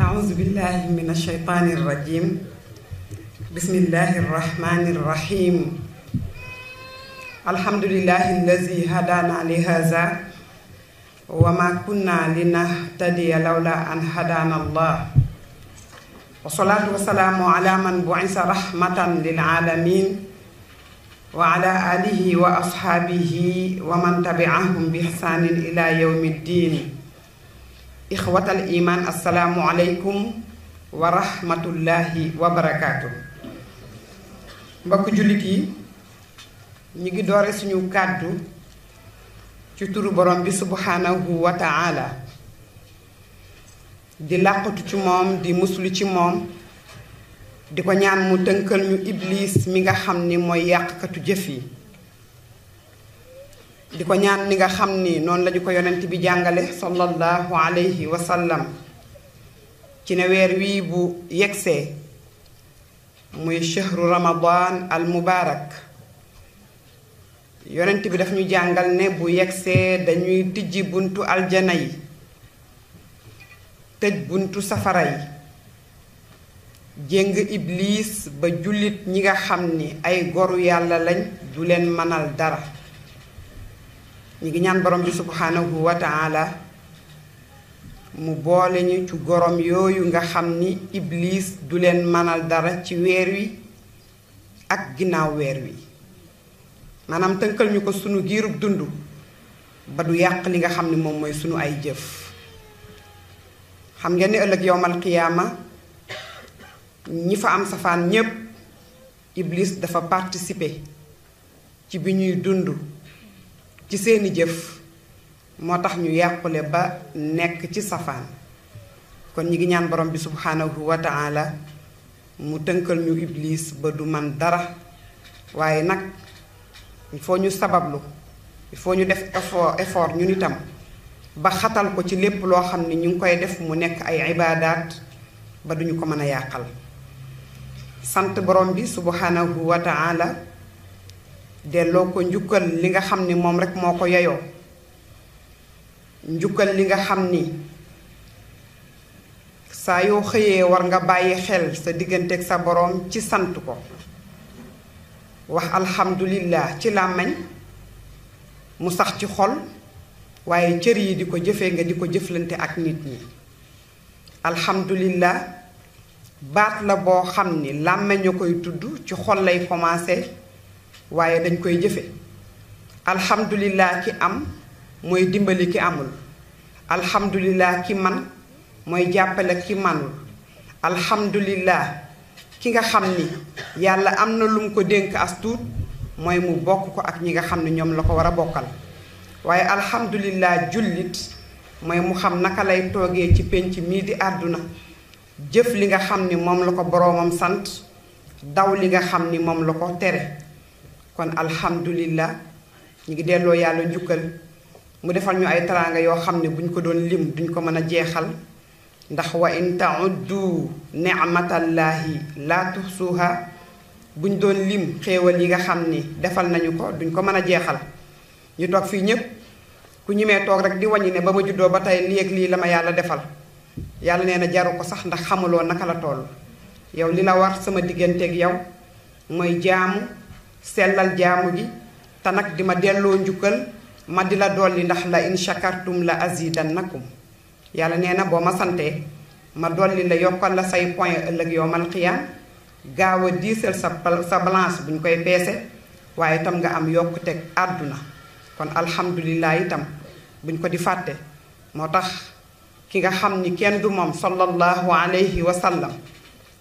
أعوذ بالله من الشيطان الرجيم بسم الله الرحمن الرحيم الحمد لله الذي هدانا لهذا وما كنا لنهتدي لولا أن هدانا الله والصلاة والسلام على من بعث رحمة للعالمين وعلى آله وأصحابه ومن تبعهم بإحسان إلى يوم الدين إخوة الإيمان السلام عليkum wa rahmatullahi wa barakaatu mbokk jullit yi ñu ngi doore suñu kàddu ci turu borom bi subhanahu wa taala di làqatu ci moom di muslu ci moom di ko ñaan mu tënkal ñu iblis mi nga xam ni mooy yàqkatu jëf yi di ñaan ni nga xamni non lañu ko yonent bi jàngale sallallahu alayhi wa sallam ci ne wër wi bu yexé muy shahru ramadan al mubarak yonent bi daf ñu jangal ne bu yexé dañuy tijji buntu al yi tej buntu safara yi jeng iblis ba julit ñi nga xamni ay goru yalla lañ du len manal dara ñu ngi ñaan borom bi subhanahu wa taala mu boole ñu ci gorom yooyu nga xam ni ibliis du leen mënal dara ci weer wi ak ginnaaw weer wi maanaam tënkal ñu ko sunu giiru dund ba du yàq li nga xam ni moom mooy sunu ay jëf xam ngeen ni ëllëg yowmal qiyaama ñi fa am safaan ñépp iblis dafa participer ci bi ñuy dund ci seeni jëf motax ñu yàqule ba nek ci safan kon ñi ngi ñaan borom bi subhanahu wa ta'ala mu tënkal ñu iblis ba du man dara waye nak il faut ñu sabablu il faut ñu def effort effort ñun itam ba xatal ko ci lepp lo xamni ñu koy def mu nek ay ibadat ba duñu ko mëna yaqal sante borom bi subhanahu wa ta'ala delloo ko njukkal li nga xam ni moom rekk moo ko yeyoo njukkal li nga xam ni saa yoo xëyee war nga bàyyi xel sa diggante ak sa boroom ci sant ko wax alhamdulillah ci làmmañ mu sax ci xol waaye cër yi di ko jëfee nga di ko jëflante ak nit ñi alhamdulillah baat la boo xam ni làmmañ a koy tudd ci xol lay commencé waaye dañ koy jëfe alhamdulillah ki am mooy dimbali ki amul alhamdulillah ki man mooy jàppale ki manul alhamdulillah ki nga xam ni yàlla am na lum ko dénk as tuut mooy mu bokk ko ak ñi nga xam ne ñoom la ko war a bokkal waaye alhamdulillah jullit mooy mu xam naka lay toogee ci pénc mii di àdduna jëf li nga xam ni moom la ko boroomam sant daw li nga xam ni moom la ko tere kon alhamdulillah ñi ngi delo yalla njukkal mu defal ñu ay taranga yo xamne buñ ko doon lim duñ ko mëna jéxal ndax wa in tauddu ni'matallahi la tuhsuha buñ doon lim xéewal yi nga xamne defal nañu ko duñ ko mëna jéxal ñu tok fi ñepp ku ñimee tok rek di wañi ne ba ma juddo ba tay ak defal yalla nee jaru ko sax ndax xamulo naka la toll yow lila war sama ak yow moy jaamu sellal jaamu gi te nag di ma delloo njukkal ma di la dolli ndax la in shakartum la azidannakum yàlla nee na boo ma santee ma dolli la yokkal la say point ëllëg yowmal xiyaam gaaw a diisal sa sa balance buñ koy peese waaye tam nga am yokkute àdduna kon alhamdulilah itam buñ ko di fàtte moo tax ki nga xam ni kenn du moom sallallahu alayhi wa sallam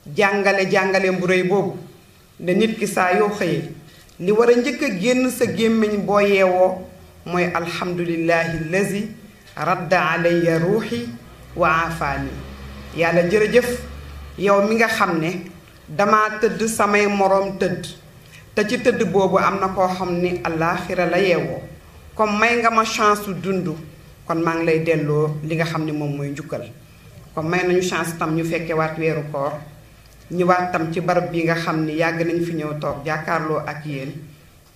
jàngale jàngale bu rëy boobu ne nit ki saa yoo xëyee li war a njëkk a génn sa gémmiñ boo yeewoo mooy alhamdulillahi lazi radda alayya ruuxi wa aafaani yàlla jërëjëf yow mi nga xam ne dama tëdd samay moroom tëdd te ci tëdd boobu am na koo xam ni àllaaxira la yeewoo comme may nga ma chance su dund kon maa ngi lay delloo li nga xam ne moom mooy njukkal kon may nañu chance tam ñu fekke waat weeru koor ñëwaat tam ci barab bi nga xam ni yàgg nañ fi ñëw toog jàkkaarloo ak yéen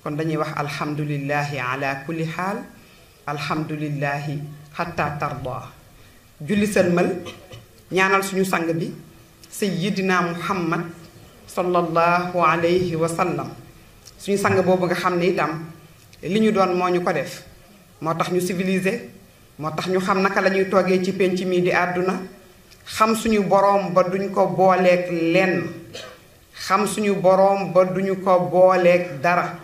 kon dañuy wax alhamdulillahi ala kulli xaal alhamdulillahi xatta tarda julli sëlmal ñaanal suñu sang bi sayyidina muhammad sallallahu alayhi wa sallam suñu sang boobu nga xam ne itam li ñu doon moo ñu ko def moo tax ñu civilisé moo tax ñu xam naka la ñuy toogee ci penc mii di àdduna xam suñu boroom ba duñ ko booleeg lenn xam suñu boroom ba duñu ko booleeg dara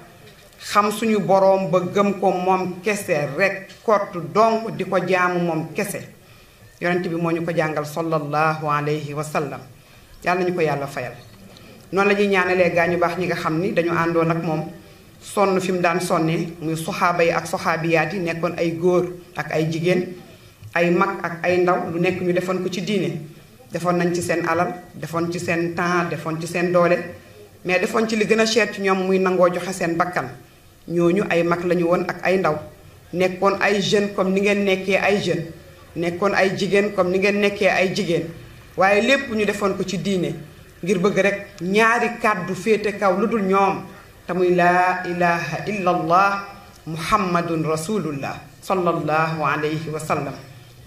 xam suñu boroom ba gëm ko moom kese rekk kott donc di ko jaamu moom kese yonent bi moo ñu ko jàngal sallallahu alayhi wa sallam yàlla nañu ko yàlla fayal noonu la ñuy ñaanalee gaa ñu baax ñi nga xam ni dañu àndoon ak moom sonn fi mu daan sonne muy soxaaba yi ak soxaabiyaat yi nekkoon ay góor ak ay jigéen ay mag ak ay ndaw lu nekk ñu defoon ko ci diine defoon nañ ci seen alal defoon ci seen temps defoon ci seen doole mais defoon ci li gën a cher ñoom muy nangoo joxe seen bakkan ñooñu ay mag lañu woon ak ay ndaw nekkoon ay jeunes comme ni ngeen nekkee ay jeunes nekkoon ay jigéen comme ni ngeen nekkee ay jigéen waaye lépp ñu defoon ko ci diine ngir bëgg rek ñaari kàddu féete kaw lu dul ñoom te muy laa ilaha illallah muhammadun rasulullah sallallahu alayhi wa sallam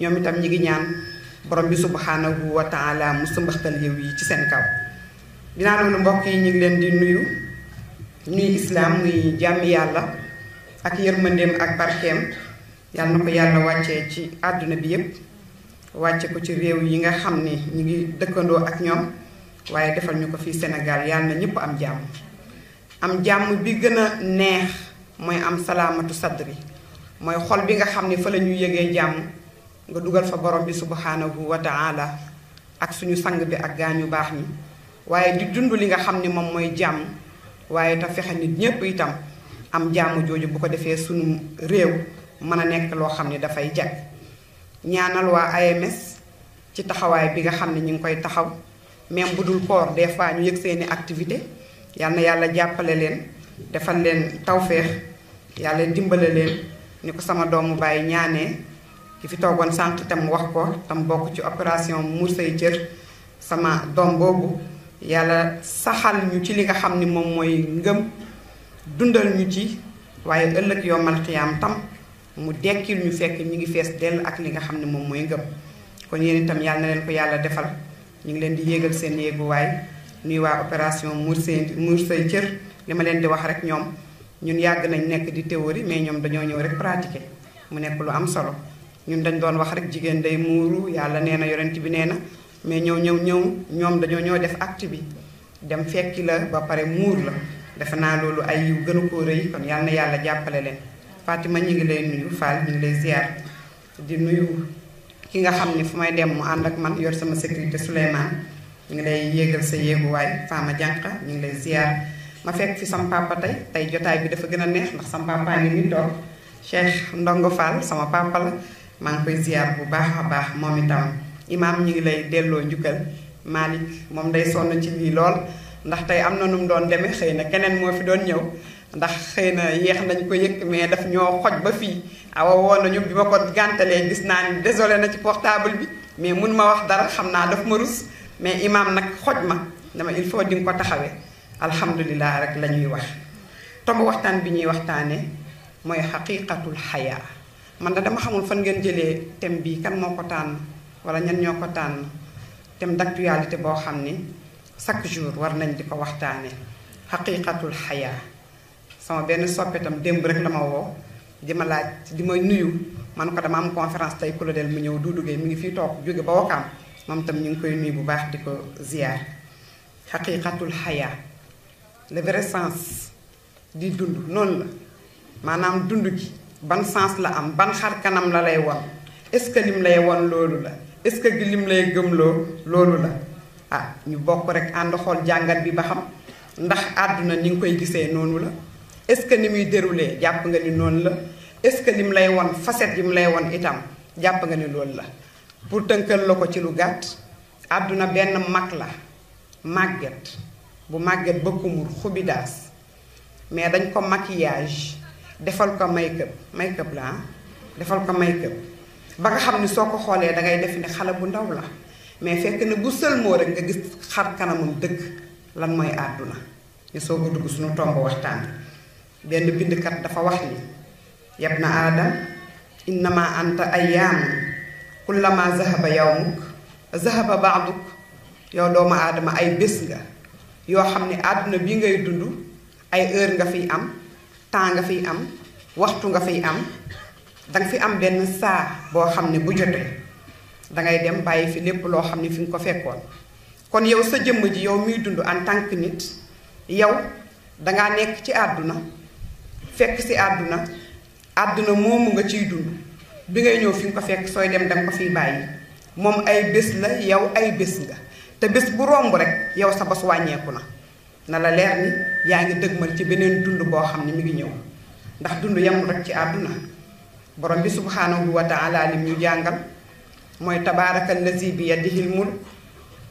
ñom itam ñi ngi ñaan borom bi subhanahu wa taala mu sëmbaxtal yow yi ci seen kaw dina loolu mbokk yi ñi ngi leen di nuyu nuyu islam muy jamm yalla ak yermandem ak barkem yalla nako yalla wacce ci aduna bi yeb wacce ko ci rew yi nga xamni ñi ngi dekkando ak ñom waye defal ñuko fi senegal yalla am jamm am jamm bi gëna neex moy am salamatu sadri moy xol bi nga xamni fa lañu ñu jamm nga dugal fa borom bi subhanahu wa ta'ala ak suñu sang bi ak gaañu baax ñi waaye di dund li nga xam ni moom mooy jàmm waaye te fexe nit ñépp itam am jàmm jooju bu ko defee suñu réew mën a nekk loo xam ni dafay jag ñaanal waa AMS ci taxawaay bi nga xam ne ñu ngi koy taxaw même bu dul koor des fois ñu yëg seeni activité yal yàlla jàppale leen defal leen tawféex yàlla dimbale leen ni ko sama doomu bàyyi ñaanee ki fi togon sànq tam wax ko tam bok ci operation mursay jeur sama dom bobu yalla saxal ñu ci li nga xamni mom moy ngeum dundal ñu ci tam mu dekkil ñu fekk ñi ngi fess del ak li nga xamni mom moy ngeum kon yeen tam yalla na leen ko yalla defal ñi ngi leen di yéegal seen yéeguwaay nuy waa opération Mbuur mursay Mbuur Say Jër di wax rek ñom ñun yag nañ nek di théorie mais ñom dañu ñew rek pratiquer mu nek lu am solo ñun dañ doon wax rek jigéen day muuru yàlla nee na yonent bi nee na mais ñëw ñëw ñëw ñoom dañoo ñoo def acte bi dem fekki la ba pare muur la defe naa loolu ay yiw gën a ko rëy kon yàlla na yàlla jàppale leen Fatima ñu ngi lay nuyu Fall ñu lay ziar di nuyu ki nga xam ni fu may dem mu ànd ak man yor sama sécurité Souleymane ñu ngi yéegal sa yéeguwaay Fama jànq ñu ngi lay ziar ma fekk fi sama papa tey tey jotaay bi dafa gën a neex ndax sama papa ngi ni toog Ndongo Fall sama papa maa ngi koy ziar bu baax a baax moom itam imaam ñu ngi lay delloo njukkal Malick moom day sonn ci lii lool ndax tey am na nu mu doon demee xëy na keneen moo fi doon ñëw ndax xëy na yéex nañ ko yëkk mais daf ñoo xoj ba fii awa woon nañu bi ma ko gàntalee gis naa ni désolé na ci portable bi mais mun ma wax dara xam naa daf ma rus mais imaam nag xoj ma dama il faut di nga ko taxawee alhamdulilah rek la ñuy wax tomb waxtaan bi ñuy waxtaanee mooy xaqiqatul xayaa man da dama xamul fan ngeen jëlee tem bi kan moo ko tànn wala ñan ñoo ko tànn d'actualité boo xam ni chaque jour war nañ di ko waxtaane xaqiqatul sama benn soppetam démb rek la ma woo laaj di nuyu man ko dama am conférence tey ku del mu ñëw Doudou mi ngi fii toog jóge ba wakaam moom tam ñu koy nuyu bu baax di ko ziyaar xaqiqatul xayaa le vrai sens di dund non, la maanaam dund gi ban sens la am ban xar kanam la lay won est-ce que lim lay won loolu la est-ce que lim lay gëmloo loolu la ah ñu bokk rek ànd xool jàngat bi ba xam ndax àdduna ni nga koy gisee noonu la est-ce que ni muy déroulé jàpp nga ni noonu la est-ce que lim lay won faset yi mu lay won itam jàpp nga ni loolu la pour tënkal la ko ci lu gàtt àdduna benn mag la màgget bu màgget ba kumur xubidaas mais dañ ko maquillage defal ko may up make-up la defal ko may up ba nga xam ni soo ko xoolee dangay def ni xale bu ndaw la mais fekk na bu sëlmoo rek nga gis xar kanamam dëkk lan mooy àdduna ñu soog a dugg suñu tomb waxtaan benn bindkat dafa wax ni yab na aadam innama anta ayyaamu kullama zahaba yawmuk zahaba baaduk yow doomu aadama ay bés nga yoo xam ne àdduna bi ngay dund ay heure nga fi am temps nga fi am waxtu nga fi am danga fi am benn saa boo xam ne bu jotee dangay dem bàyyi fi lépp loo xam ne fi nga ko fekkoon kon yow sa jëmm ji yow muy dund en tant que nit yow dangaa nekk ci àdduna fekk si àdduna àdduna moomu nga ciy dund bi ngay ñëw fi nga ko fekk sooy dem danga ko fiy bàyyi moom ay bés la yow ay bés nga te bés bu romb rek yow sa bos wàññeeku na na la leer ni yaa ngi dëgmal ci beneen dund boo xam ne mi ngi ñëw ndax dund yamul rek ci àdduna borom bi subhaanahu wa taala lim ñu jàngal mooy tabaaraka allazi bi yadihil mulk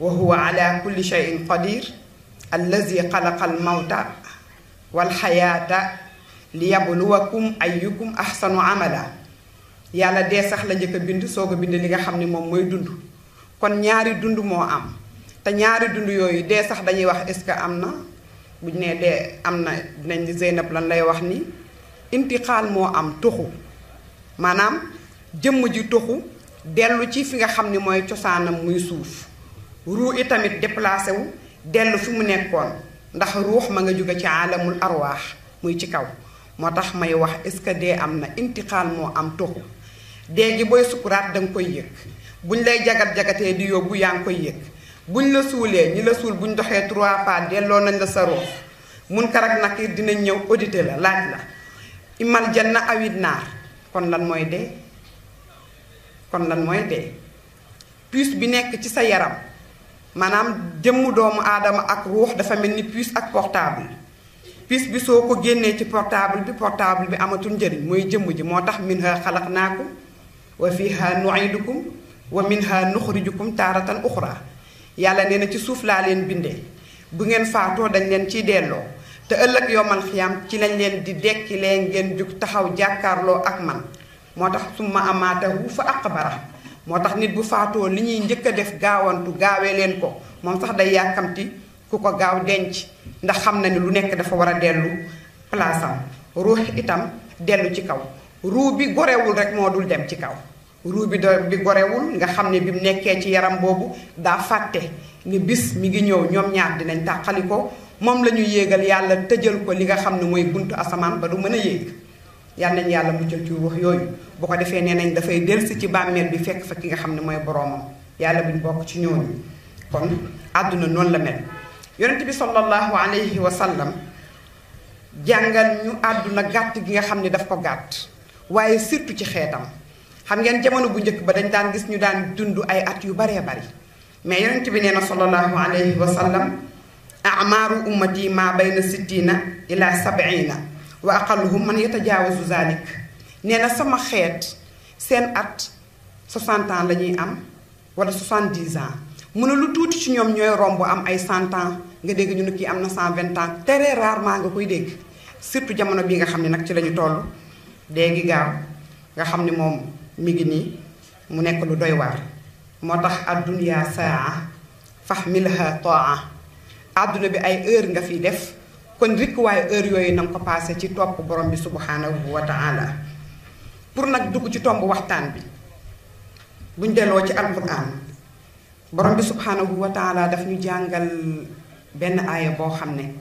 wa huwa kulli shay'in qadir allazi xalaqa al mawta wal xayaata liyabluwakum ayyukum ahsanu amala yàlla dee sax la njëkk bind soog a bind li nga xam ni moom mooy dund kon ñaari dund moo am te ñaari dund yooyu dee sax dañuy wax est-ce que am na buñ nee dee am na dinañ di Zeynab lan lay wax ni intixaal moo am tuxu maanaam jëmm ji tuxu dellu ci fi nga xam ni mooy cosaanam muy suuf ruu i tamit déplacé wu dellu fi mu nekkoon ndax ruux ma nga jóge ci alamul arwaax muy ci kaw moo tax may wax est-ce que dee am na intixaal moo am tuxu dee gi booy sukuraat danga koy yëg buñ lay jagat jagatee di yóbbu yaa ngi koy yëg buñ la suulee ñi la suul buñ doxee trois pas delloo nañ la sa ruux munkar ak nakiir dinañ ñëw audité la laaj la imal na awit naar kon lan mooy dee kon lan mooy de puce bi nekk ci sa yaram maanaam jëmmu doomu aadama ak ruux dafa mel ni puce ak portable puce bi soo ko génnee ci portable bi portable bi amatul njëriñ mooy jëmm ji moo tax fii xalaqnaakum wa fiha nuidukum wa minha nuxrijukum taaratan uxra yàlla nee na ci suuf laa leen bindee bu ngeen faatoo dañ leen ciy delloo te ëllëg yomal xiyam ci lañ leen di dekki leen ngeen jug taxaw jàkkaarloo ak man moo tax summa amaatahu fa aqbara moo tax nit bu faatoo li ñuy njëkk a def gaawantu gaawee leen ko moom sax day yàkkamti ku ko gaaw denc ndax xam na ni lu nekk dafa war a dellu palaasam ruux itam dellu ci kaw ruu bi gorewul rek moo dul dem ci kaw ruubi bi bi gorewul nga xamne ne bi mu ci yaram bobu da faté ni bis mi ngi ñëw ñom ñaar dinañ takaliko mom lañu la yéegal yàlla tëjal ko li nga xamne moy buntu asaman ba du mëna a yéeg yàlla nañ yàlla muccal ci wax yoy bu ko défé nenañ da fay del ci bammel bi fekk fa ki nga xamne moy mooy yàlla buñ bok ci ñooñu kon aduna non la mel yaronte bi sallallahu alayhi wa sallam jàngal ñu aduna gàtt gi nga xamne daf ko gàtt waye surtout ci xeetam xam ngeen jamono bu njëkk ba dañ daan gis ñu daan dund ay at yu baree bari mais yonent bi nee na sallallahu alayhi wa sallam amaaru ummati ma bayna sittina ila sabina wa aqalluhum man yatajaawazu zalik nee na sama xeet seen at 60 ans la ñuy am wala 70 ans mu ne lu tuuti ci ñoom ñooy romb am ay 100 ans nga dégg ñu ne kii am na 120 ans très rarement nga koy dégg surtout jamono bii nga xam ne nag ci lañu ñu toll léegi gaaw nga xam ne moom migini ngi mu nek lu doy war motax adunya saa fahmilha toa aduna bi ay heure nga fi def kon rik way heure yoy nang ko passer ci top borom bi subhanahu wa taala pour nak dug ci tomb waxtan bi buñ delo ci alquran borom bi subhanahu wa taala daf ñu jangal ben aya bo xamne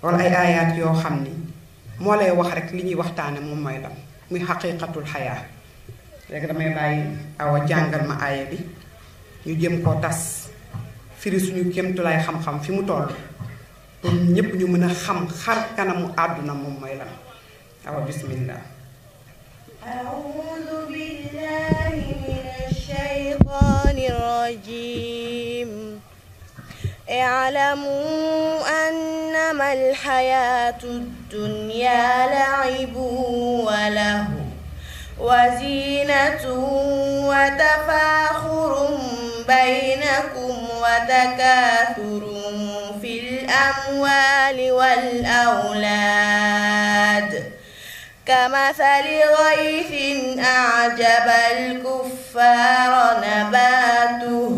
wala ay ayat yo xam mo lay wax rek li ñi waxtane moom mooy lan muy haqiqatul xayaa léegi damay bàyyi awa jàngal ma aaya bi ñu jëm koo tas firi suñu kéemtulaay xam-xam fi mu toll pour ñépp ñu mën a xam xar kanamu àdduna moom mooy lan awa bismillah أعوذ بالله من الشيطان الرجيم اعلموا أنما الحياة الدنيا لعب وله وزينة وتفاخر بينكم وتكاثر في الأموال والأولاد كمثل غيث أعجب الكفار نباته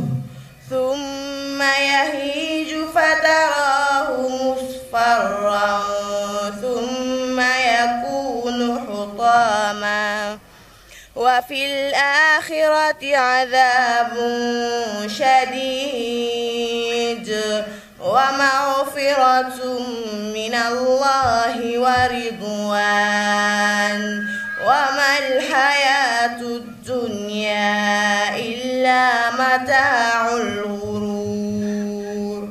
ثم يهيج فتراه مصفرا وفي الآخرة عذاب شديد ومغفرة من الله ورضوان وما الحياة الدنيا إلا متاع الغرور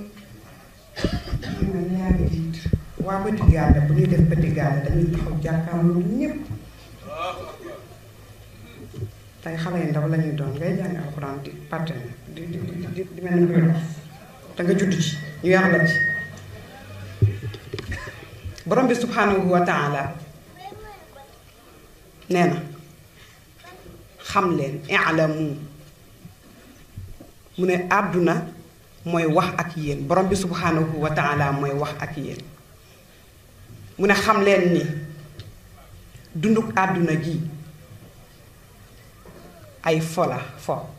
واعبد قاعدة بني دف بدي قاعدة دمي تحب جاكا tey xale yi ndaw lañuy doon ngay jàng alxuraan di parten di di di di mel ni koy dox te nga judd ci ñu yar la ci borom bi subhanahu wa nee na xam leen i'lamu mu ne àdduna mooy wax ak yéen borom bi subhanahu wa mooy wax ak yéen mu ne xam leen ni dunduk àdduna gi ay fola fo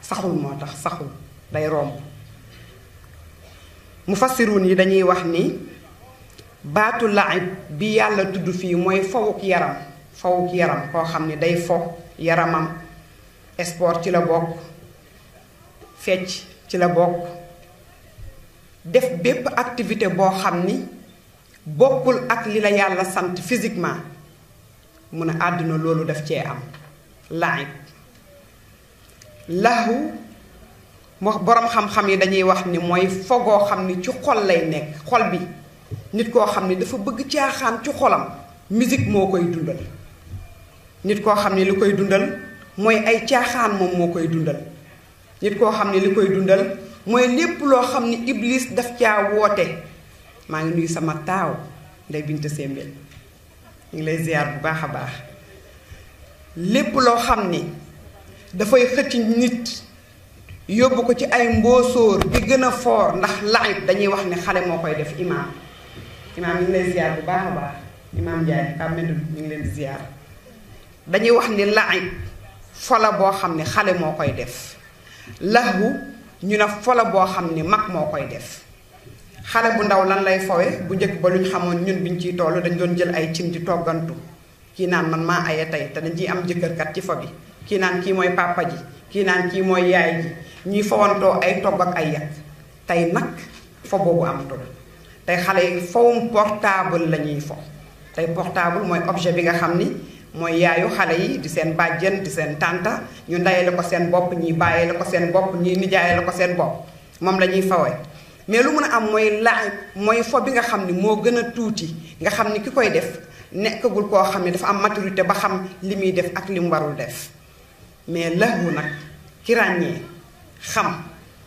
saxul moo tax saxul day romb mu mufassiruun yi dañuy wax ni baatu laib bi yàlla tudd fii mooy fowuk yaram fowuk yaram koo xam ni day fo yaramam sport ci la bokk fecc ci la bokk def bépp activité boo xam ni bokkul ak li la yàlla sant physiquement mu ne àdduna loolu daf cee am laib lahu boroom xam-xam yi dañuy wax ni mooy fogoo xam ni ci xol lay nekk xol bi nit koo xam ne dafa bëgg caaxaan ci xolam musique moo koy dundal nit koo xam ne li koy dundal mooy ay caaxaan moom moo koy dundal nit koo xam ni li koy dundal mooy lépp loo xam ni iblis daf caa woote maa ngi nuyu sama taaw nday bint sembel ñu ngi lay ziar bu baax a baax lépp loo xam ni dafay xëcc nit yóbbu ko ci ay mboosóor bi gën a foor ndax laayib dañuy wax ne xale moo koy def imaam imaam ñu ngi leen ziar bu baax a baax imaam Ndiaye Pape Medoune ñu ngi leen di ziar dañuy wax ni laayib folo boo xam ne xale moo koy def lahwu ñu ne fola boo xam ni mag moo koy def xale bu ndaw lan lay fowe bu njëkk ba lu luñ xamoon ñun biñ ciy toll dañ doon jël ay cin di toggantu kii naan man maa aye tey te dañ ciy am jëkkërkat ci fo bi kii naan kii mooy papa ji kii naan kii mooy yaay ji ñuy fawantoo ay togg ak ay yàq tey nag fo boobu amatul tey xale yi fawum portable la ñuy fo tey portable mooy objet bi nga xam ni mooy yaayu xale yi di seen bàjjen di seen tànta ñu ndayale ko seen bopp ñuy bàyyale ko seen bopp ñuy nijaayale ko seen bopp moom la ñuy fawee mais lu mën a am mooy laaj mooy fo bi nga xam ni moo gën a tuuti nga xam ni ki koy def nekkagul koo xam ne dafa am maturité ba xam li muy def ak li mu warul def mais lëxu nag ki ràññee xam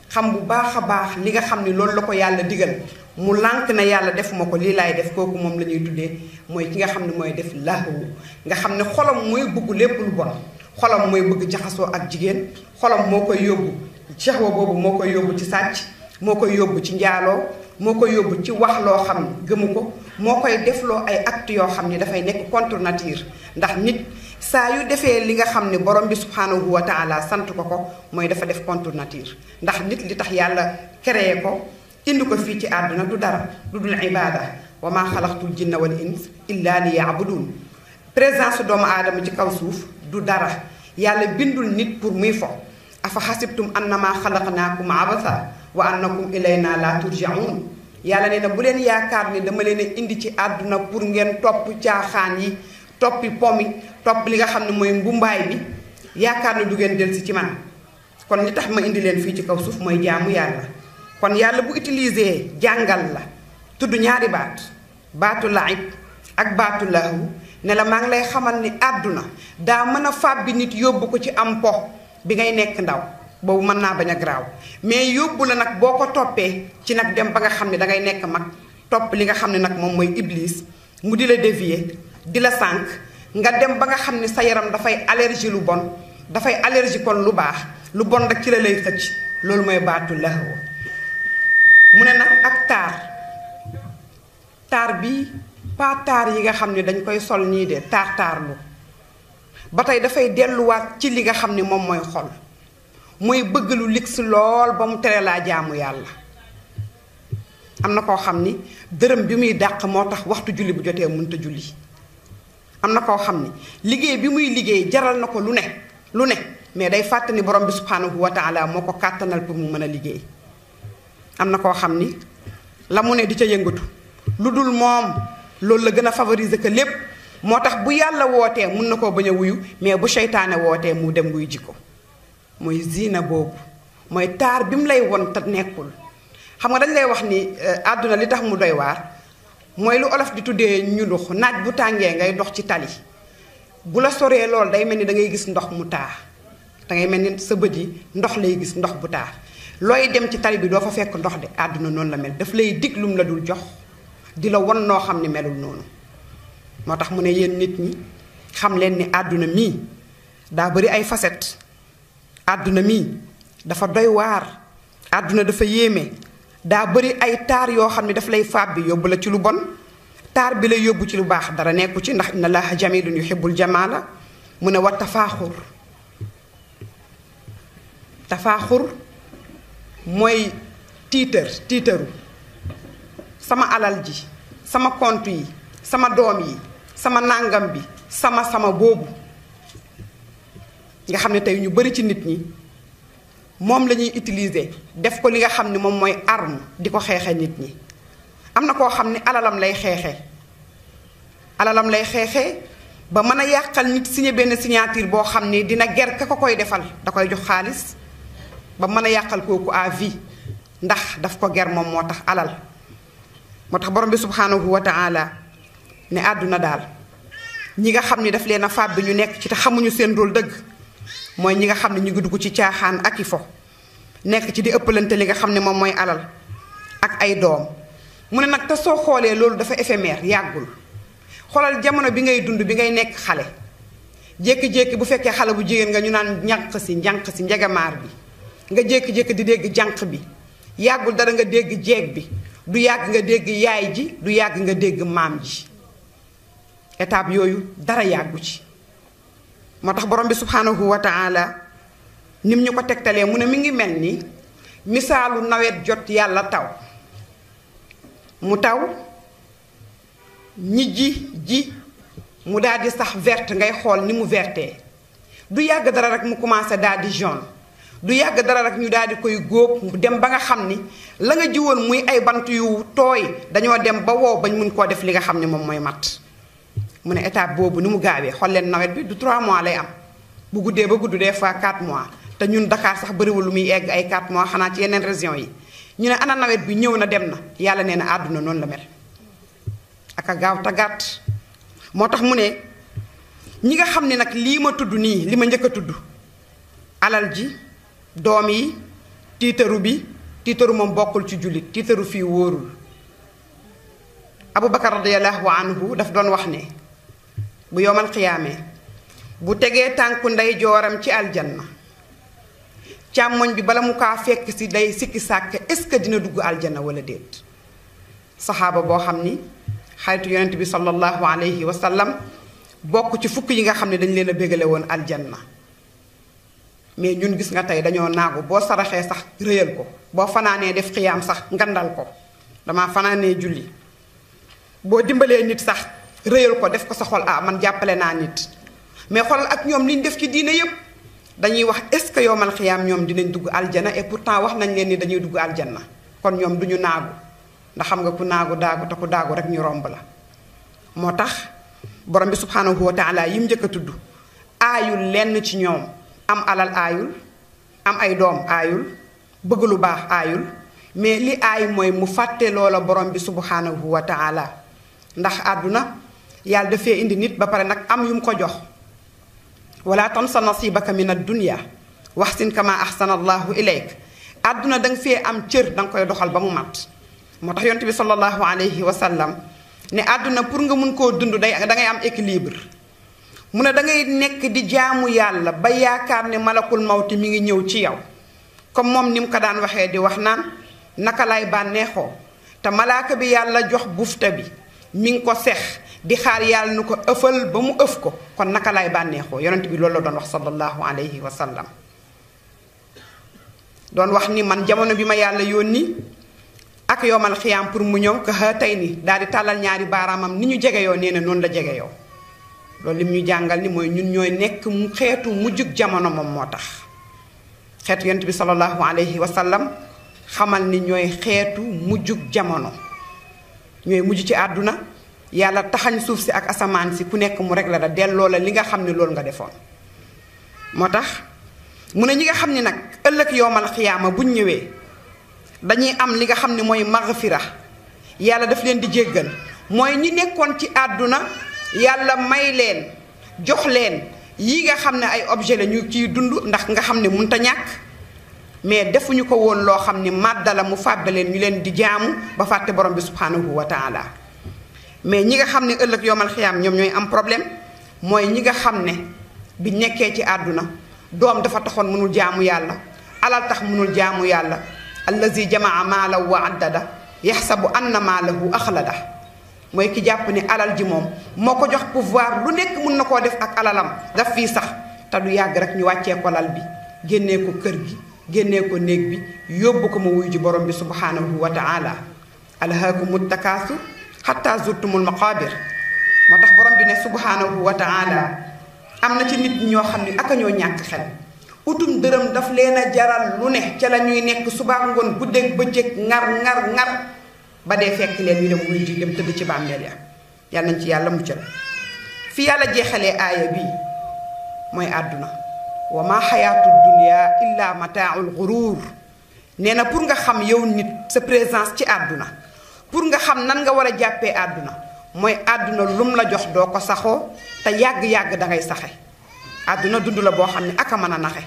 xam bu baax a baax li nga xam ni loolu la ko yàlla digal mu lànk na yàlla defuma ko lii laay def kooku moom la ñuy tuddee mooy ki nga xam ne mooy def lëxu nga xam ne xolam mooy bëgg lépp lu bon xolam mooy bugg jaxasoo ak jigéen xolom moo koy yóbbu wa boobu moo koy yóbbu ci sàcc moo koy yóbbu ci njaaloo moo koy yóbbu ci wax loo xam ne gëmu ko moo deflo ay actes yo xamni da fay nek contre nature ndax nit sa yu defé li nga xamni borom bi subhanahu wa taala sant ko ko mooy dafa def contre nature ndax nit li tax yàlla créé ko indi ko fi ci aduna du dara du dul ibada wa maa xalaqtul jinna wal ins illa li présence doomu adam ci kaw suuf du dara yàlla bindul nit pour muy fo afa hasibtum annama khalaqnakum abatha wa annakum ilayna la turjaun yàlla nee na bu leen yaakaar ni dama leen indi ci àdduna pour ngeen topp caaxaan yi toppi pomi topp li nga xam ne mooy mbumbaay bi yaakaar ni du ngeen delsi ci man kon li tax ma indi leen fii ci kaw suuf mooy jaamu yàlla kon yàlla bu utiliser jàngal la tudd ñaari baat baatu laib ak baatu laahu ne la maa ngi lay xamal ni àdduna daa mën a fàbbi nit yóbbu ko ci am po bi ngay nekk ndaw boobu mën naa bañ a garaaw mais yóbbu la nag boo ko toppee ci nag dem ba nga xam ne dangay nekk mag topp li nga xam ne nag moom mooy iblis mu di la dévier di la sànq nga dem ba nga xam ne sa yaram dafay allergie lu bon dafay allergie kon lu baax lu bon nag ci la lay xëcc loolu mooy baatu laxaw mu ne nag ak taar taar bi pas taar yi nga xam ni dañ koy sol nii de taar taar lu ba tey dafay delluwaat ci li nga xam ni moom mooy xol muy bëgg lu ligg lool ba mu tere laa jaamu yàlla am na koo xam ni dërëm bi muy dàq moo tax waxtu julli bu jotee mënta julli am na koo xam ni liggéey bi muy liggéey jaral na ko lu ne lu ne mais day fàttani borom bi subhanahu wa taala moo ko kàttanal pour mu mën a liggéey am na koo xam ni la mu ne di ca yëngatu lu dul moom loolu la gën a favoriser ko lépp moo tax bu yàlla wootee mun na koo bañ a wuyu mais bu seytaane wootee mu dem wuy ji ko mooy na boobu mooy taar bi mu lay won te nekkul xam nga dañ lay wax ni euh, àdduna li tax mu doy waar mooy lu olof di tuddee ñu ñulux naaj bu tàngee ngay dox ci tali bu la soree lool day mel ni da ngay gis ndox mu taa dangay mel ni sa bët yi ndox lay gis ndox bu taa looy dem ci tali bi doo fa fekk ndox de àdduna noonu la mel daf lay dig la dul jox di la won noo xam ne melul noonu moo tax mu ne yéen nit ñi xam leen ni àdduna mii daa bari ay facettes àdduna mi dafa doy waar àdduna dafa yéeme daa bëri ay taar yoo xam ne daf lay fàbb bi yóbbu la ci lu bon taar bi lay yóbbu ci lu baax dara nekku ci ndax inna laaha jamilun yuhibbul jamaala mu ne wa tafaaxur tafaaxur mooy tiitër tiitëru sama alal ji sama kont yi sama doom yi sama nàngam bi sama sama boobu nga xamne tay ñu bari ci nit ñi mom lañuy utiliser def ko li nga xamne mom moy arme diko xexé nit ñi amna ko xamne alalam lay xexé alalam lay xexé ba mëna a yàqal nit signé ben signature bo xamne dina ger ka ko koy defal da koy jox xaliss ba mëna a yàqal kooku à vie ndax daf ko ger mom motax alal motax borom bi subhanahu wa taala ne aduna dal ñi nga xam daf leena a fàbbi ñu nekk ci te xamuñu seen rôle deug mooy ñi nga xam ne ñu ngi dugg ci caaxaan ak i fo nekk ci di ëppalante li nga xam ne moom mooy alal ak ay doom mu ne nag te soo xoolee loolu dafa éphémère yàggul xoolal jamono bi ngay dund bi ngay nekk xale jékki-jékki bu fekkee xale bu jigéen nga ñu naan njànq si njànq si njagamaar bi nga jékki-jékki di dégg jànq bi yàggul dara nga dégg jeeg bi du yàgg nga dégg yaay ji du yàgg nga dégg maam ji étape yooyu dara yàggu ci moo tax borom bi subhanahu wa taala nim ñu ko tegtalee mu ne mu ngi mel ni misaalu nawet jot yàlla taw mu taw ñi ji ji mu daal di sax verte ngay xool ni mu verte du yàgg dara rek mu commencé daal di jaune du yàgg dara rek ñu daal di koy góob mu dem ba nga xam ni la nga jiwoon muy ay bant yu tooy dañoo dem ba wow bañ mun koo def li nga xam ni moom mooy matt mu ne étape boobu ni mu gaawee xool leen nawet bi du 3 mois lay am bu guddee ba gudd dee fois 4 mois te ñun Dakar sax bariwul lu muy egg ay 4 mois xanaa ci yeneen région yi ñu ne ana nawet bi ñëw na dem na yàlla nee na àdduna noonu la mel ak a gaaw te moo tax mu ne ñi nga xam ne nag lii ma tudd nii li ma njëkk a tudd alal ji doom yi tiitaru bi tiitaru moom bokkul ci jullit tiitaru fii wóorul Abubakar radiyallahu anhu daf doon wax ne bu yomal xiyaamee bu tegee tànku ndeyjooram ci aljanna càmmoñ bi bala mu kaa fekk si day sikki sàkk est-ce que dina dugg aljana wala déet saxaaba boo xam ni xaritu yonent bi sallallahu alayhi wa sallam bokk ci fukk yi nga xam ne dañ leen a bégale woon aljanna mais ñun gis nga tey dañoo naagu boo saraxee sax rëyal ko boo fanaanee def xiyaam sax ngandal ko dama fanaanee julli boo dimbalee nit sax réyal ko def ko sa xol ah man jàppale naa nit mais xolal ak ñoom liñ def ci diine yépp dañuy wax est ce que yowmal xiyaam ñoom dinañ dugg aljana et pourtant wax nañ leen ni dañuy dugg aljana kon ñoom duñu naagu ndax xam nga ku naagu daagu te ku daagu rek ñu romb la moo tax borom bi subhaanahu wa taala yi mu njëkk a tudd aayul lenn ci ñoom am alal aayul am ay doom aayul bëgg lu baax aayul mais li aay mooy mu fàtte loola borom bi subhaanahu wa taala ndax àdduna yàlla dafee indi nit ba pare nag am yu mu ko jox wala tansa nasibaka min ad-dunya waxsin kama ahsana allahu ilayk àdduna danga fee am cër danga koy doxal ba mu mat moo tax yonent bi sallallahu alayhi wa sallam ne àdduna pour nga mun koo dund day dangay am équilibre mu ne dangay nekk di jaamu yàlla ba yaakaar ne malakul mawti mi ngi ñëw ci yow comme moom ni mu ko daan waxee di wax naan naka lay bànneexoo te malaaka bi yàlla jox bufta bi mi ngi ko sex di xaar yalla nu ko ba mu ëf ko kon naka lay banexo yonent bi lolou don wax sallallahu alayhi wa sallam don wax ni man jamono bi yalla yoni ak yowmal khiyam pour mu ñew ka xaa tey ni daal di tàllal ñaari baramam ni ñu jegeyoo nee la jegeyoo lolou lim ñu jangal ni moy ñun ñoy nek mu mu juk jamono mom motax tax yonent bi sallallahu alayhi wa sallam xamal ni xétu mu juk jamono ñoy mujj ci aduna yàlla taxañ suuf si ak asamaan si ku nekk mu rek la da delloo la li nga xam ne loolu nga defoon moo tax mu ne ñi nga xam ni nag ëllëg yowmal xiyaama buñ ñëwee dañuy am li nga xam ne mooy magfira yàlla def leen di jéggal mooy ñi nekkoon ci àdduna yàlla may leen jox leen yi nga xam ne ay objet la ñu ciy dund ndax nga xam ne munta ñàkk mais defuñu ko woon loo xam ne màddala mu leen ñu leen di jaamu ba fàtte borom bi subhanahu wa taala mais ñi nga xam ne ëllëg yomal xiyaam ñoom ñooy am problème mooy ñi nga xam ne bi nekkee ci àdduna doom dafa taxoon mënul jaamu yàlla alal tax mënul jaamu yàlla allazi jamaa maalahu wa addada yaxsabu anna maalahu axlada mooy ki jàpp ni alal ji moom moo ko jox pouvoir lu nekk mun na koo def ak alalam daf fii sax te du yàgg rek ñu wàccee ko lal bi génnee ko kër gi génnee ko néeg bi yóbbu ko ma wuyu ji borom bi subhaanahu wa taala alhaakumu takaasur xataa zurtumul maqaabir moo tax borom bi ne subhanahu wa taala am na ci nit ñoo xam ne aka ñoo ñàkk xel utum dërëm daf leen a jaral lu ne ca la ñuy nekk subaa ngoon guddeeg bëccëg ngar ngar ngar ba dee fekk leen ñu dem wuy ji dem tëdd ci bàmmeel ya yàlla nañ ci yàlla muccal fi yàlla jeexalee aaya bi mooy àdduna wa ma xayaatu dunia illa mataaul xuruur nee na pour nga xam yow nit sa présence ci àdduna pour nga xam nan nga war a jàppee àdduna mooy àdduna lum la jox doo ko saxoo te yàgg-yàgg da saxe àdduna dund la boo xam ne aka mën a naxe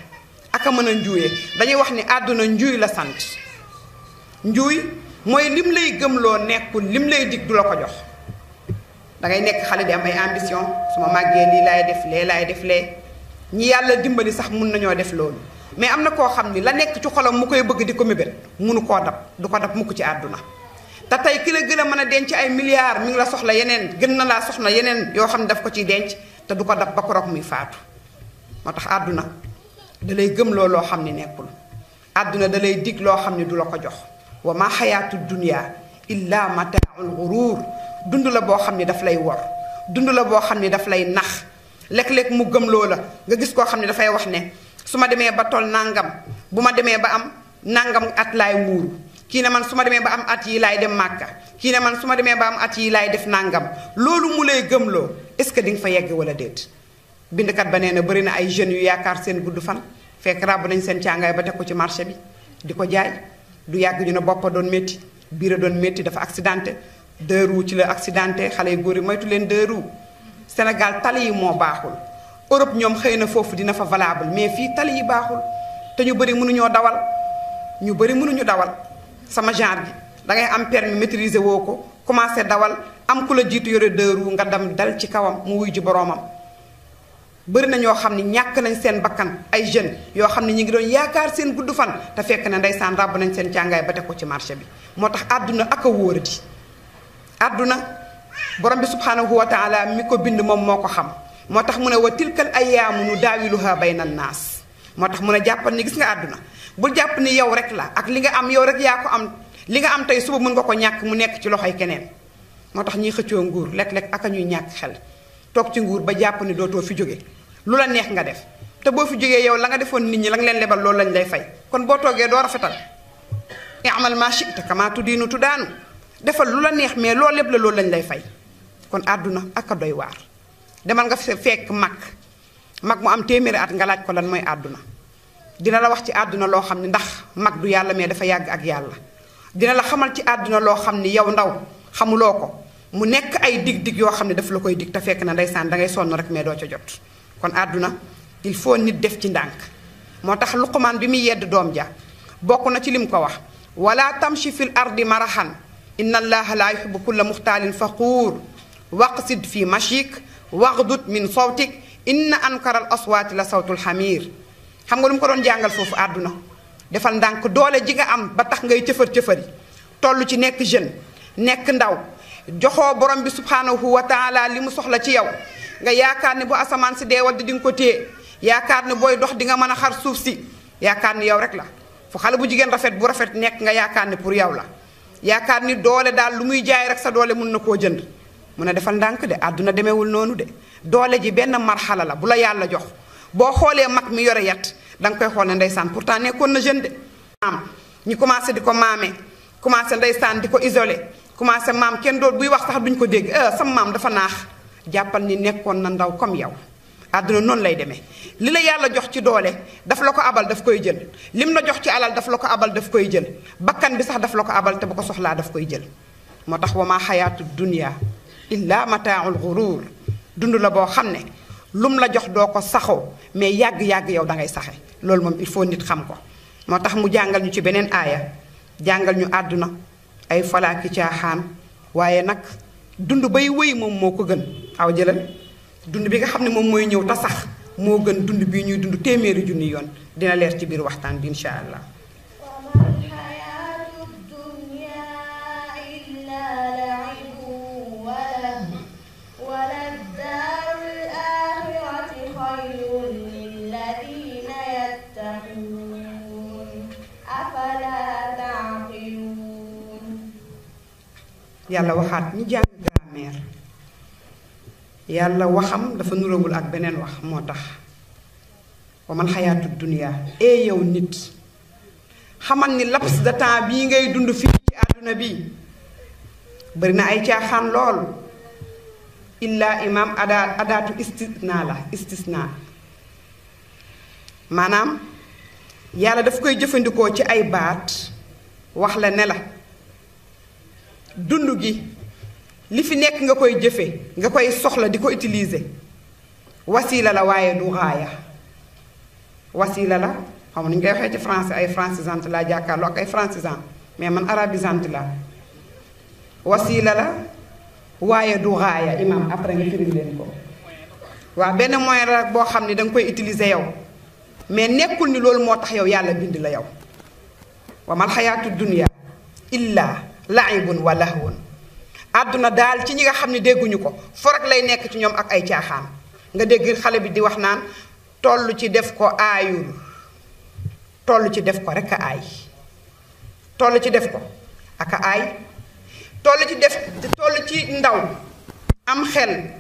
aka mën a njuuyee dañuy wax ni àdduna njuuy la sant njuuy mooy lim lay gëmloo nekkul lim lay dig du la ko jox dangay nekk xale di am ay ambition su ma màggee lii laay def lee laay def lee ñi yàlla dimbali sax mun nañoo def loolu mais am na koo xam ni la nekk ci xolam mu koy bëgg di ko mébét munu koo dab du ko dab mukk ci àdduna te tey ki la gën a mën a denc ay milliards mi ngi la soxla yeneen gën na laa soxla yeneen yoo xam ne daf ko ciy denc te du ko dab ba koroog muy faatu moo tax àdduna dalay lay gëm loo xam ne nekkul àdduna dalay lay dig loo xam ne du la ko jox wa ma xayaatu dunya illa mataaul xuruur dund la boo xam ne daf lay wor dund la boo xam ne daf lay nax léeg-léeg mu gëm loo la nga gis koo xam ne dafay wax ne su ma demee ba tol nangam bu ma demee ba am nangam at laay kii ne man su ma demee ba am at yi laay dem màkka kii ne man su demee ba at yi laay def nàngam loolu mu lay gëmloo est-ce que di nga fa yegg wala déet bindkat ba nee na bëri na ay jeunes yu yaakaar seen gudd fan fekk ràbb nañ seen càngaay ba teg ko ci marché bi di ko jaay du yàgg ñu ne boppa doon métti biira doon métti dafa accidenté deux roues ci la accidenté xale yu góor yi moytu leen deux roues Sénégal tali yi moo baaxul Europe ñoom xëy na foofu dina fa valable mais fii tali yi baaxul te ñu bëri mënuñoo dawal ñu bëri mënuñu dawal sama genre bi da ngay am permis maîtriser woko commencé dawal am kula jitu jiitu yore deux nga dam dal ci kawam mu wuy ji boromam beur na ño xamni ñak nañ seen bakkan ay jeune yo xamni ñi ngi doon yaakar seen guddu fan ta fekk na ndaysan rab nañ seen càngaay ba teg ci marché bi motax aduna ak di borom bi subhanahu wa taala mi ko bind mom moko xam motax mu ne wa tilkal ayyamu nu daawiluha bayna naas mu ne jappal ni gis nga aduna bu jàpp ni yow rek la ak li nga am yow rek yaa ko am li nga am tey suba mën nga ko ñàkk mu nekk ci loxoy keneen moo tax ñiy xëccoo nguur lekk-lekk ak a ñuy ñàkk xel toog ci nguur ba jàpp ni dootoo fi jóge lu la neex nga def te boo fi jógee yow la nga defoon nit ñi la nga leen lebal loolu lañ lay fay kon boo toogee doo rafetal amal ma shi'ta kama tudinu tudaanu defal lu la neex mais loolu lépp la loolu lañ lay fay kon àdduna ak a doy waar demal nga fekk mag mag mu am téeméeri at nga laaj ko lan mooy àdduna dina la wax ci aduna lo xamni ndax mag du yàlla mais dafa yag ak yàlla dina la xamal ci aduna lo xamni yow ndaw xamuloko mu nek ay dig-dig yo xamni ne daf la koy dig ta fek na ndaysan da ngay son rek mais do ci jot kon aduna il faut nit def ci ndànk motax luqman bi mi yedd dom ja bokku na ci lim ko wax wala tamshi fil ard marahan inna allah la yuhibbu kull muxtaalin faqur waqsid fi mashik waghdut min sawtik inna ankara al aswat la sawtul hamir xam nga lu mu ko doon jàngal foofu àdduna defal ndànk doole ji nga am ba tax ngay cëfër cëfër yi toll ci nekk jeune nekk ndaw joxoo borom bi subhanahu wa taala li mu soxla ci yow nga yaakaar ne bu asamaan si deewal di nga ko téye yaakaar ne booy dox di nga mën a xar suuf si yaakaar ni yow rek la fu xale bu jigéen rafet bu rafet nekk nga yaakaar ne pour yow la yaakaar ni doole daal lu muy jaay rek sa doole mun na koo jënd mun a defal ndànk de àdduna demewul noonu de doole ji benn marxala bu la yàlla jox boo xoolee mag mi yore yat da nga koy xool ne pourtant na jeune de maam commencé commencé isolé commencé mam kenn dool buy wax sax duñ ko dégg ah sama maam dafa naax jàppal ni na ndaw comme yow lay yàlla jox ci doole daf la ko abal daf koy jël lim la jox ci alal daf la ko abal daf koy jël bakkan bi sax daf la ko abal te bu ko daf koy jël wa illa mataaul xuruur dundula la lum la jox doo ko saxoo mais yàgg-yàgg yow da ngay saxe loolu moom il faut nit xam ko moo tax mu jàngal ñu ci beneen aaya jàngal ñu àdduna ay falaaki caaxaan waaye nag dund bay wéy moom moo ko gën aw jëlal dund bi nga xam ne moom mooy ñëw te sax moo gën dund bii ñuy dund téeméeri junni yoon dina leer ci biir waxtaan bi incha allah يلا واحد نيجان غامير يلا وهم لفنورو بول اك بنين واخ موتاخ ومن حياه الدنيا اي يو نيت خمال ني لابس دا تان بي غي دوند في في ادنا بي برنا اي تيا خان لول الا امام ادا اداتو استثناء لا استثناء مانام يالا داف كوي جيفانديكو تي اي بات واخ لا نلا dund gi li fi nekk nga koy jëfe nga koy soxla di ko utiliser wasiila la waaye du raaya wasiila la xam ni ñu koy waxee ci français ay francisante laa jàkkaarloo ak ay francisant mais man arabisante laa wasiila la waaye du raaya imam après nga firi leen ko waa benn moyen la boo xam ne danga koy utilise yow mais nekkul ni loolu moo tax yow yàlla bind la yow wamal xayaatu dunia illa laibun wa woon àdduna daal ci ñi nga xam ne dégguñu ko forag lay nekk ci ñoom ak ay caaxaan nga dégg xale bi di wax naan toll ci def ko aayul toll ci def ko rek a aay toll ci def ko ak ay aay toll ci def toll ci ndaw am xel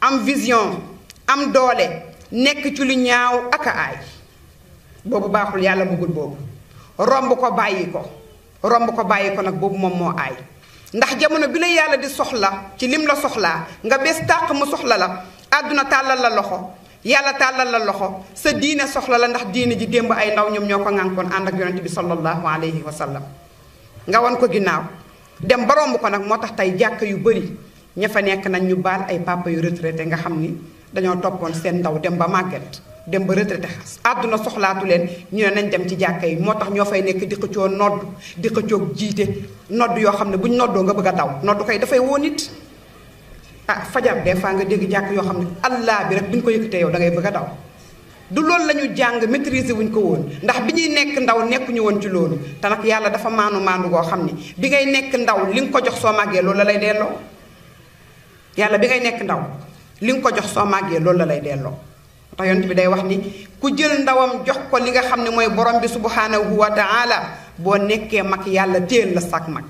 am vision am doole nekk ci lu ñaaw ak a boobu baaxul yàlla buggul boobu romb ko bàyyi ko romb ko bàyyi ko nag boobu moom moo aay ndax jamono bi la yàlla di soxla ci lim la soxlaa nga bees tàq mu soxla la àdduna tàllal la loxo yàlla tàllal la loxo sa diine soxla la ndax diine ji gémb ay ndaw ñoom ñoo ko ŋànkoon ànd ak yonente bi sallallahu alayhi wa sallam nga wan ko ginnaaw dem ba romb ko nag moo tax tey jàkk yu bëri ña fa nekk nañ ñu baal ay papa yu retraité nga xam ni dañoo toppoon seen ndaw dem ba màgget dem ba retraité àdduna soxlaatu leen ñu ne nañ dem ci jàkka yi moo tax ñoo fay nekk di xëccoo nodd di xëccoo jiite nodd yoo xam ne bu ñu noddoo nga bëgg a daw nodd koy dafay woo nit ah fajar des fois nga dégg jàkk yoo xam ne allah bi rek buñ ko yëkkatee yow da ngay bëgg a daw du loolu la ñu jàng maîtriser wuñ ko woon ndax bi ñuy nekk ndaw nekkuñu woon ci loolu te nag yàlla dafa maanu maanu goo xam ne bi ngay nekk ndaw li nga ko jox soo màggee loolu la lay delloo bi ngay nekk ndaw li nga ko jox soo màggee loolu la lay delloo ndax bi day wax ni ku jël ndawam jox ko li nga xam ne mooy borom bi subhanahu wa taala boo nekkee mag yàlla téel la sag mag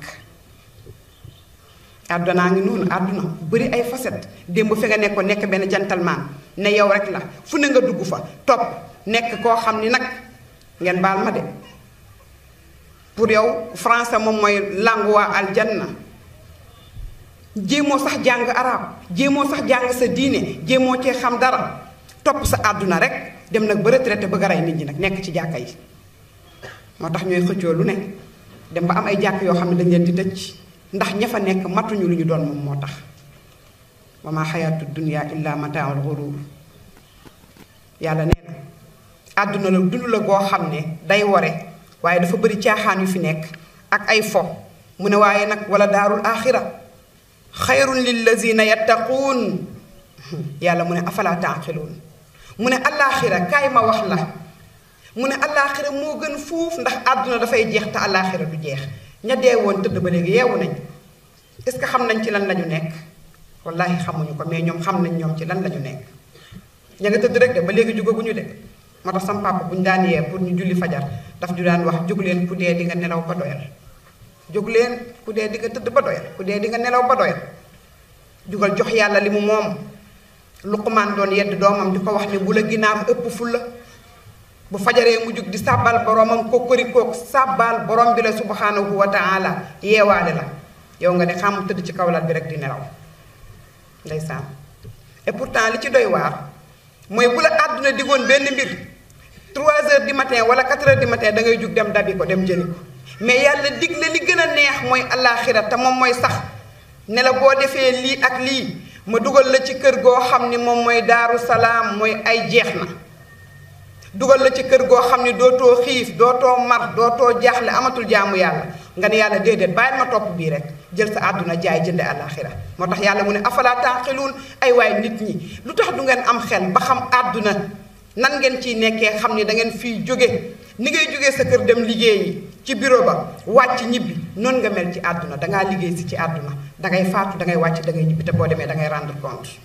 àddunaa ngi noonu àdduna bari ay facette démb fi nga nekkoon nekk benn gentleman ne yow rek la fu ne nga dugg fa topp nekk koo xam ni nag ngeen baal ma de pour yow français moom mooy langue waa aljanna jéemoo sax jàng arab jéemoo sax jàng sa diine jéemoo cee xam dara topp sa àdduna rek dem nag ba retraité bëgg a rey nit ñi nag nekk ci jàkka yi moo tax ñooy xëccoo lu ne dem ba am ay jàkk yoo xam ne dañ leen di tëj ndax ña fa nekk matuñu lu ñu doon moom moo tax wa ma xayaatu dunia illa mataaul xurur yàlla nee na àdduna la dund la goo xam ne day wore waaye dafa bëri caaxaan yu fi nekk ak ay fo mu ne waaye nag wala daarul aaxira xayrun lillazina yattaquun yàlla mu ne afala taaqiluun mu ne alaxira kay ma wax la mu ne alaxira mo gën fouf ndax da fay jeex te alaxira du jeex ña dee won teud ba léegi yewu nañ est-ce xam nañ ci lan lañu nek wallahi xamuñu ko mais ñom xam nañ ñom ci lan lañu nek ña nga teud rek ba jugaguñu de tax sam papa buñ daan yé pour ñu julli fajar daf ju daan wax jóg leen ku dee di nga nelaw ba doyal jóg leen ku dee di nga teud ba doyal ku di nga nelaw ba doyal jugal jox yalla limu mom luqumaan doon yedd doomam di ko wax ni bu la ginaar ëpp fulla bu fajaree mu jug di sàbbal boromam kokkorikook sàbbal borom bi la subhanahu wa taala yeewaale la yow nga ne xamu tëdd ci kaw kawlaat bi rek di nelaw ndeysaan et pourtant li ci doy waar mooy bu la àdduna digoon benn mbir 3 heures du matin wala 4 heures du matin da ngay jug dem dabi ko dem jëli ko mais yàlla dig li gën a neex mooy àllaaxira te moom mooy sax nelaw boo defee lii ak lii ma dugal la ci kër goo xam ni moom mooy daaru salaam mooy ay jeex na dugal la ci kër goo xam ni dootoo xiif dootoo mar dootoo jaaxle amatul jaamu yàlla nga ne yàlla déedéet bàyyi ma topp bii rek jël sa àdduna jaay jënd àllaaxira moo tax yàlla mu ne afalaa taaxiluun ay waay nit ñi lu tax du ngeen am xel ba xam àdduna nan ngeen ci nekkee xam ni dangeen ngeen fiy jóge ni ngay jóge sa kër dem liggéeyi ci bureau ba wàcc ñibbi noonu nga mel ci àdduna dangaa liggéey si ci àdduna da ngay faatu da ngay wàcc da ngay ñibbi te boo demee da ngay rendre compte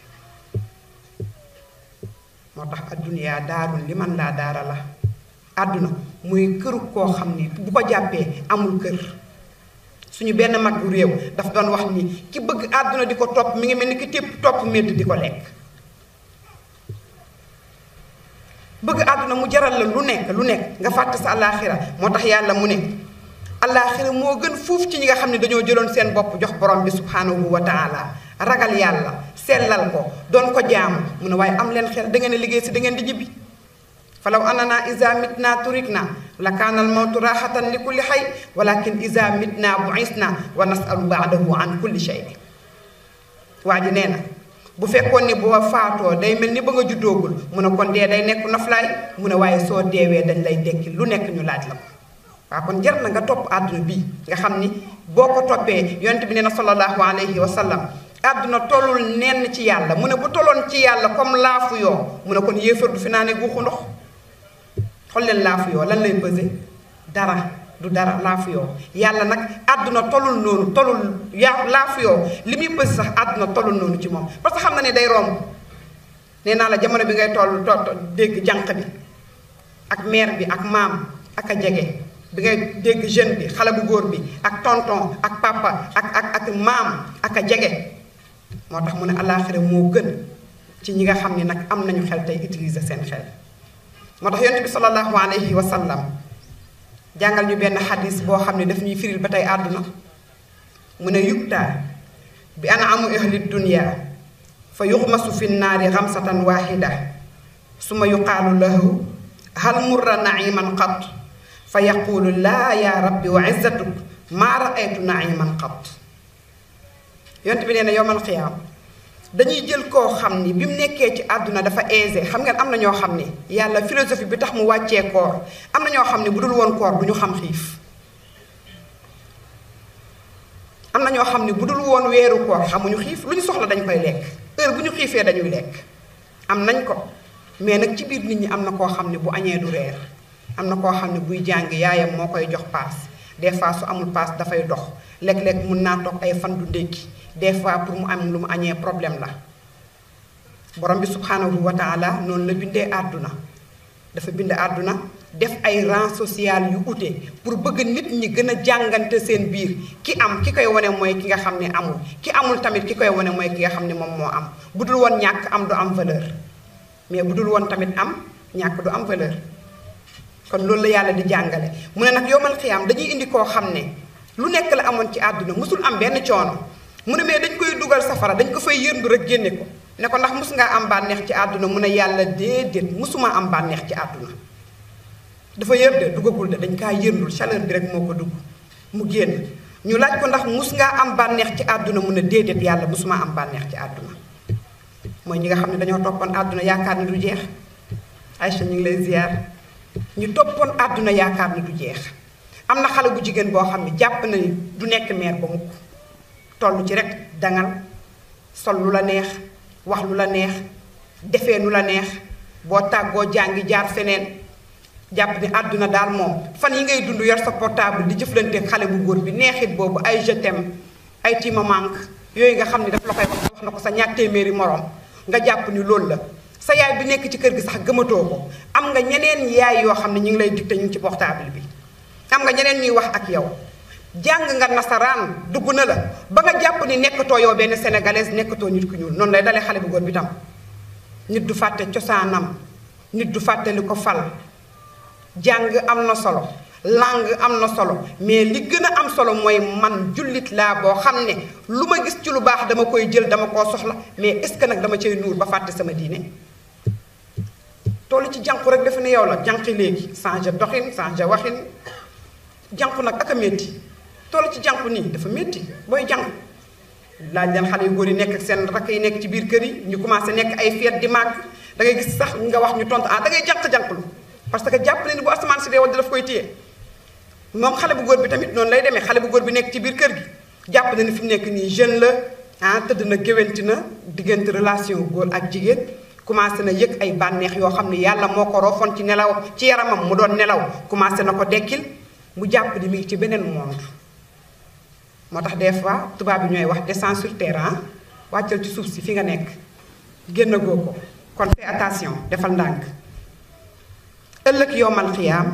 moo tax adduniyaa daarul li man laa daara la àdduna muy këru koo xam ni bu ko jàppee amul kër suñu benn mag réew daf doon wax ni ki bëgg àdduna di ko topp mi ngi mel ni ki tépp topp medd di ko lekk bëgg àdduna mu jaral la lu nekk lu nekk nga sa moo tax mu ne allaaxira moo gën fuuf ci ñi nga xam ne dañoo jëloon seen bopp jox borom bi subhaanahu wa taala ragal yàlla sellal ko doon ko jaamu mu ne waaye am leen xel da ngeen liggéey si da ngeen di ñibbi falaw annana iza mitna turikna la kaana al mawtu raxatan li kulli xay walakin iza mitna buisna wa nasalu baadahu an kulli shay waa ji nee na bu fekkoon ni boo faatoo day mel ni ba nga juddoogul mu ne kon dee day nekk noflaay mu ne waaye soo deewee dañ lay dekki lu nekk ñu laaj la ko waaw kon jar na nga topp àdduna bi nga xam ni boo ko toppee yonent bi nee na sallallahu alayhi wa sallam àdduna tollul nenn ci yàlla mu ne bu tolloon ci yàlla comme laafu yoo mu kon yéefar du fi naanee guuxu ndox leen laafu yoo lan lay bëse dara du dara laafu yoo yàlla nag àdduna tollul noonu tollul yaa li muy sax àdduna tollul noonu ci moom parce que xam na ne day romb nee naa la jamono bi ngay toll to dégg jànq bi ak mère bi ak maam ak a jege bi ngay dégg jeune bi xale bu góor bi ak tonton ak papa ak ak ak maam ak a jege moo tax mu ne alaaxira moo gën ci ñi nga xam ne nag am nañu xel tey utiliser seen xel moo tax yonent bi sallallahu alayhi wa sallam jàngal ñu benn xadis boo xam ne daf ñuy firil ba tey àdduna mu ne yuktaa bi ana amu ahli dunya fa yuxmasu fi naari xamsatan waxida suma yuqaalu lahu hal murra naiman qat فيقول لا يا ربي وعزتك ما رأيت نعيما قط yonent bi nee na yowmal xiyaam dañuy jël koo xam ni bi mu nekkee ci àdduna dafa aisé xam ngeen am na ñoo xam ni yàlla philosophie bi tax mu wàccee koor am na ñoo xam ni bu dul woon koor du ñu xam xiif am na ñoo xam ni bu dul woon weeru koor xamuñu xiif lu ñu soxla dañ koy lekk heure bu ñu xiifee dañuy lekk am nañ ko mais nag ci biir nit ñi am na koo xam ni bu añee du reer am na koo xam ne buy jàng yaayam moo koy jox paas des fois su amul paas dafay dox léeg-léeg mun naa toog ay fan du ndékki des fois pour mu am lu mu añee problème la borom bi subhanahu wa taala noonu la bindee àdduna dafa bind àdduna def ay rang sociale yu ute pour bëgg nit ñi gën a jàngante seen biir ki am ki koy wane mooy ki nga xam ne amul ki amul tamit ki koy wane mooy ki nga xam ne moom moo am bu dul woon ñàkk am du am valeur mais bu dul woon tamit am ñàkk du am kon loolu la yàlla di jàngale mu ne nag yowmal xiyaam dañuy indi koo xam ne lu nekk la amoon ci àdduna musul am benn coono mu ne mais dañ koy dugal safara dañ ko fay yëndu rek génne ko ne ko ndax mosu ngaa am bànneex ci àdduna mun a yàlla déedéet musuma am bànneex ci àdduna dafa yër dugagul de dañ kaa yëndul chaleur bi rek moo ko dugg mu génn ñu laaj ko ndax mus ngaa am bànneex ci àdduna mu ne déedéet yàlla musuma am bànneex ci àdduna mooy ñi nga xam ne dañoo toppoon àdduna yaakaar ni du jeex Aïcha ñu ngi lay ziar ñu toppoon àdduna yaakaar ne du jeex am na xale bu jigéen boo xam ne jàpp na ni du nekk meer ba mukk toll ci rek dangal sol lu la neex wax lu la neex defe nu la neex boo tàggoo jàngi jaar feneen jàpp ni àdduna daal moom fan yi ngay dund yor sa portable di jëflante xale bu góor bi neexit boobu ay je t'aime ay tu me yooyu nga xam ne daf la koy wax wax na ko sa ñaar téeméeri moroom nga jàpp ni loolu la sa yaay bi nekk ci kër gi sax gëmatoo ko am nga ñeneen yaay yoo xam ne ñu ngi lay dicté ñu ci portable bi am nga ñeneen ñuy wax ak yow jàng nga nasaraan dugg na la ba nga jàpp ni nekkatoo yow benn sénégalaise nekkatoo nit ku ñuul noonu lay dalee xale bu góor bi tam nit du fàtte cosaanam nit du fàtte li ko fal jàng am na solo langue am na solo mais li gën a am solo mooy man jullit laa boo xam ne lu ma gis ci lu baax dama koy jël dama koo soxla mais est-ce que nag dama cay nuur ba fàtte sama diine toll ci jànq rek dafa ne yow la jànqi léegi changé doxin changé waxin jànq nag ak a métti toll ci jànq nii dafa métti booy janq laa leen xale yu góor yi nekk ak seen rakk yi nekk ci biir kër yi ñu commencé nekk ay di màgg da ngay gis sax nga wax ñu tontu ah da ngay jànq-jànqlu parce que jàpp ne ni bu asamaan si dee wala daf koy téye moom xale bu góor bi tamit noonu lay demee xale bu góor bi nekk ci biir kër gi jàpp na ni fi mu nekk nii jeune la ah tëdd na géwanti na diggante relation góor ak jigéen commencé na yëg ay bànneex yoo xam ne yàlla moo ko rofoon ci nelaw ci yaramam mu doon nelaw commencé na ko dekkil mu jàpp ni mi ngi ci beneen monde moo tax des fois tubaab bi ñooy wax descends sur terrain wàccal ci suuf si fi nga nekk génn goo ko kon fais attention defal ndànk ëllëg yowmal xiyaam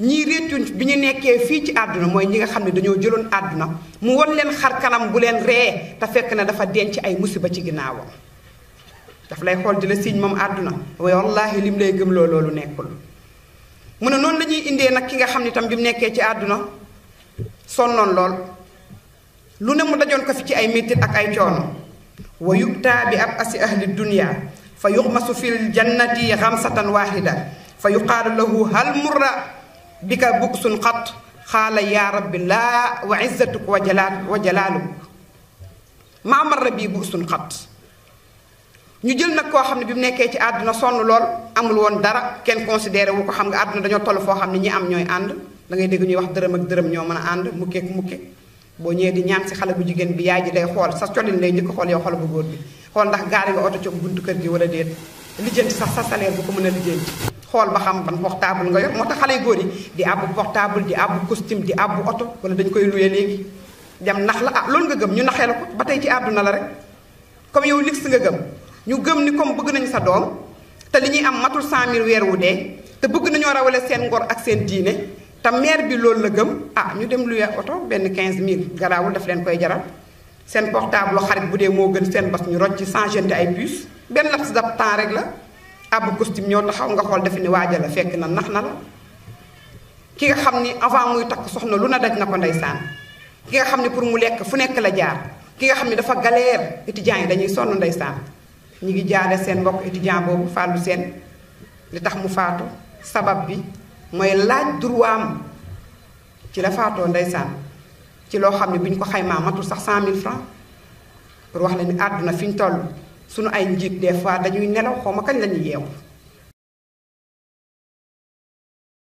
ñii réccu bi ñu nekkee fii ci àdduna mooy ñi nga xam ne dañoo jëloon àdduna mu won leen xar kanam bu leen ree te fekk na dafa denc ay musiba ci ginnaawam daf lay xool di la siiñ moom àdduna waaye lim lay gëmloo loolu nekkul mu ne noonu la ñuy indee ki nga xamni tam bi nekké nekkee ci àdduna sonnoon lol lu ne mu dajon ko fi ci ay metti ak ay cion wa yuktaa bi ab asi ahli dunya fa yuxmasu fil jannati xamsatan waahida fa yuqaalu lahu hal murra bika buksun xat xaala yaa rabbi laa wa izzatuk wa jalaal wa jalaaluk ma marra bii buksun xat ñu jël nak ko xamni bimu nekké ci aduna sonu lool amul won dara ken considéré wu ko xam nga aduna dañu toll fo xamni ñi am ñoy and da ngay dégg ñuy wax dërëm ak dërëm ñoo mën a ànd mukkeek mukke bo ñëwee di ñaan ci xalé bu jigen bi yaaji ji day xool sa colin lay ñëk xol yow xol bu goor bi xol ndax gaar nga oto ci buntu kër gi wala déet lijjanti sax sa salaire bu ko mëna a lijjanti ba xam ban portable nga yor moo tax xale yu yi di abbu portable di abbu costume di abbu oto wala dañ koy luyé légui dem nax la ah loolu nga gëm ñu naxé la ko batay ci aduna la rek comme yow lix nga gëm ñu gëm ni comme bëgg nañu sa doom te li ñuy am matul 100000 weer wu dee te bëgg nañoo rawale seen ngor ak seen diine te maire bi loolu la gëm ah ñu dem lu luye oto benn 15000 garaawul daf leen koy jaral seen portable xarit bu dee moo gën seen bas ñu rocc ci sans jeter ay puces benn laps de temps rek la àbb costume ñoo taxaw nga xool defe ni waaja la fekk na nax na la ki nga xam ni avant muy takk soxna lu na daj na ko ndeysaan ki nga xam ni pour mu lekk fu nekk la jaar ki nga xam ni dafa galère étudiants yi dañuy sonn ndeysaan ñi ngi jaale seen mbokk étudiant boobu fàllu seen li tax mu faatu sabab bi mooy laaj droit am ci la faatoo ndeysaan ci loo xam ne bi ñu ko xaymaa matul sax cent mille francs pour wax la àdduna fi ñu toll suñu ay njiit des fois dañuy nelaw xaw ma kañ la ñuy yeewu